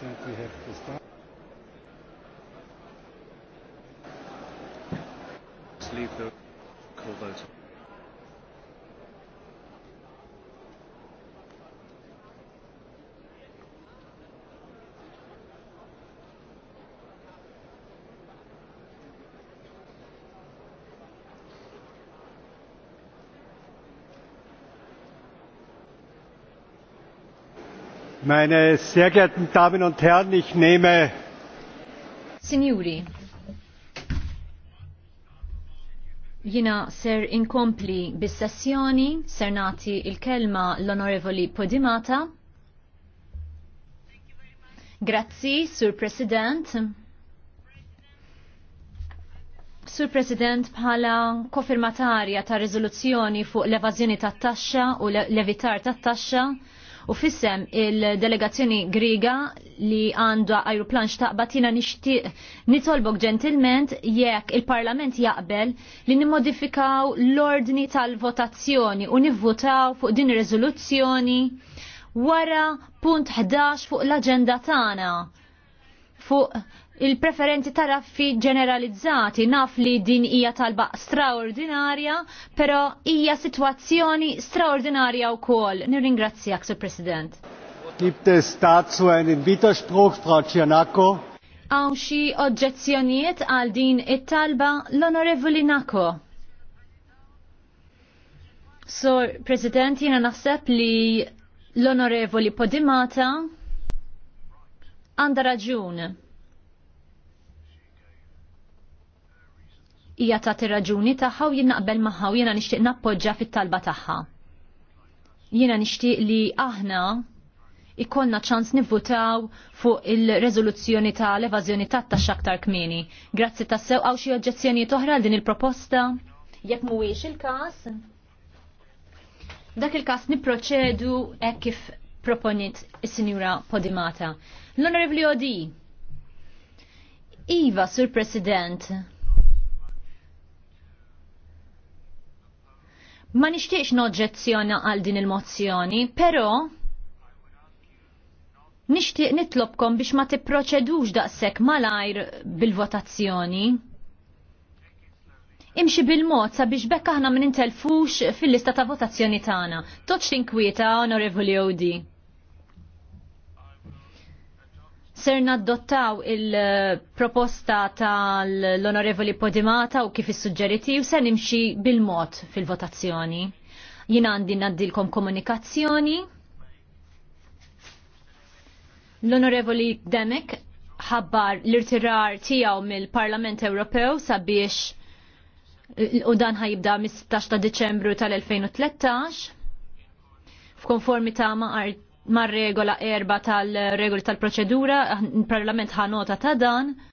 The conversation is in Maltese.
think we have to start. Leave the call vote. Meine sehr geehrten Damen und Herren, ich nehme. Signori, jina ser inkompli bis-sessjoni, ser nati il-kelma l-Onorevoli Podimata. Grazzi, Sur President. Sur President, bħala kofirmatarja ta' rezoluzzjoni fuq l-evazjoni ta' taxxa u l-levitar ta' taxxa, U fissem il-delegazzjoni Griga li għandha aeroplan xtaqbat jina nixtieq nitolbok ġentilment jekk il-Parlament jaqbel li nimmodifikaw l-ordni tal-votazzjoni u nivvotaw fuq din rezoluzzjoni riżoluzzjoni wara punt 11 fuq l-aġenda tagħna fuq il preferenti ta' raffi ġeneralizzati naf li din hija talba straordinarja, però hija situazzjoni straordinarja wkoll. Nirringrazzjak, Sur President. Gibt es dazu einen Widerspruch, Frau Cianacco? Għaw xi oġġezzjonijiet għal din it-talba l-Onorevoli Nako. Sur President, jiena naħseb li l-Onorevoli Podimata għanda raġun hija tagħti raġuni tagħha u jien naqbel magħha u jiena nixtieq nappoġġa fit-talba tagħha. Jiena nixtieq li aħna ikollna ċans nivvutaw fuq il-reżoluzzjoni tal-evażjoni tat ta' aktar kmieni. Grazzi sew għaw xi oġġezzjonijiet oħra għal din il-proposta. Jekk mhuwiex il-każ, dak il-każ nipproċedu hekk kif proponit is-Sinjura Podimata. L-Onorevli Odi, Iva, Sur President, Ma nixtiex noġġezzjona għal din il-mozzjoni, però nixtieq nitlobkom biex ma tipproċedux daqshekk malajr bil-votazzjoni. Imxi bil-mod sabiex bekk aħna ma nintelfux fil-lista ta' votazzjoni tagħna. Toċ inkwieta, Onorevoli Odi ser naddottaw il-proposta tal-Onorevoli Podimata u kif is-suġġeriti u ser nimxi bil-mod fil-votazzjoni. Jina għandi naddilkom komunikazzjoni. L-Onorevoli Demek ħabbar l-irtirar tijaw mill-Parlament Ewropew sabiex u dan ħajibda mis-16 ta' Deċembru tal-2013 f'konformità ma' art mar-regola erba tal-regoli tal-proċedura, il-Parlament ħanota ta' dan.